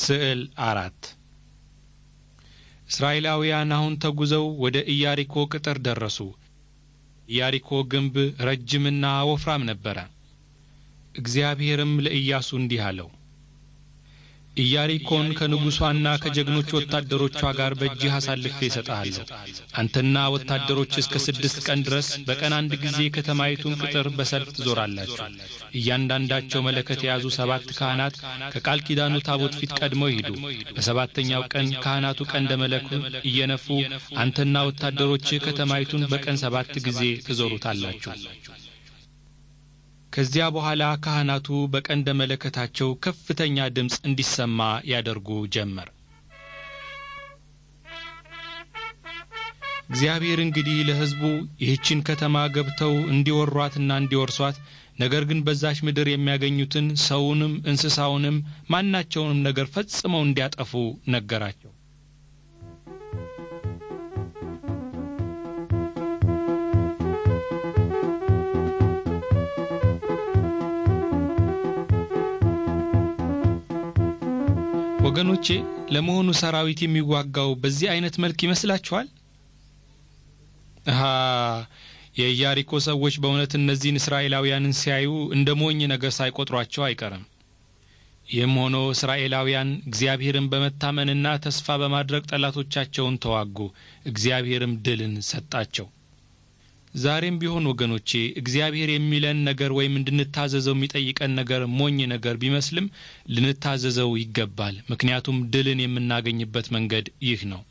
ስዕል አራት እስራኤላውያን አሁን ተጉዘው ወደ ኢያሪኮ ቅጥር ደረሱ። ኢያሪኮ ግንብ ረጅምና ወፍራም ነበረ። እግዚአብሔርም ለኢያሱ እንዲህ አለው፣ ኢያሪኮን ከንጉሷና ከጀግኖች ወታደሮቿ ጋር በእጅህ አሳልፌ እሰጥሃለሁ። አንተና ወታደሮች እስከ ስድስት ቀን ድረስ በቀን አንድ ጊዜ ከተማይቱን ቅጥር በሰልፍ ትዞራላችሁ። እያንዳንዳቸው መለከት የያዙ ሰባት ካህናት ከቃል ኪዳኑ ታቦት ፊት ቀድመው ይሂዱ። በሰባተኛው ቀን ካህናቱ ቀንደ መለኩ እየነፉ አንተና ወታደሮች ከተማይቱን በቀን ሰባት ጊዜ ትዞሩታላችሁ። ከዚያ በኋላ ካህናቱ በቀንደ መለከታቸው ከፍተኛ ድምፅ እንዲሰማ ያደርጉ ጀመር። እግዚአብሔር እንግዲህ ለሕዝቡ ይህችን ከተማ ገብተው እንዲወሯትና እንዲወርሷት ነገር ግን በዛች ምድር የሚያገኙትን ሰውንም እንስሳውንም ማናቸውንም ነገር ፈጽመው እንዲያጠፉ ነገራቸው። ወገኖቼ ለመሆኑ ሰራዊት የሚዋጋው በዚህ አይነት መልክ ይመስላችኋል አሃ የኢያሪኮ ሰዎች በእውነት እነዚህን እስራኤላውያንን ሲያዩ እንደ ሞኝ ነገር ሳይቆጥሯቸው አይቀርም ይህም ሆኖ እስራኤላውያን እግዚአብሔርን በመታመንና ተስፋ በማድረግ ጠላቶቻቸውን ተዋጉ እግዚአብሔርም ድልን ሰጣቸው ዛሬም ቢሆን ወገኖቼ እግዚአብሔር የሚለን ነገር ወይም እንድንታዘዘው የሚጠይቀን ነገር ሞኝ ነገር ቢመስልም ልንታዘዘው ይገባል። ምክንያቱም ድልን የምናገኝበት መንገድ ይህ ነው።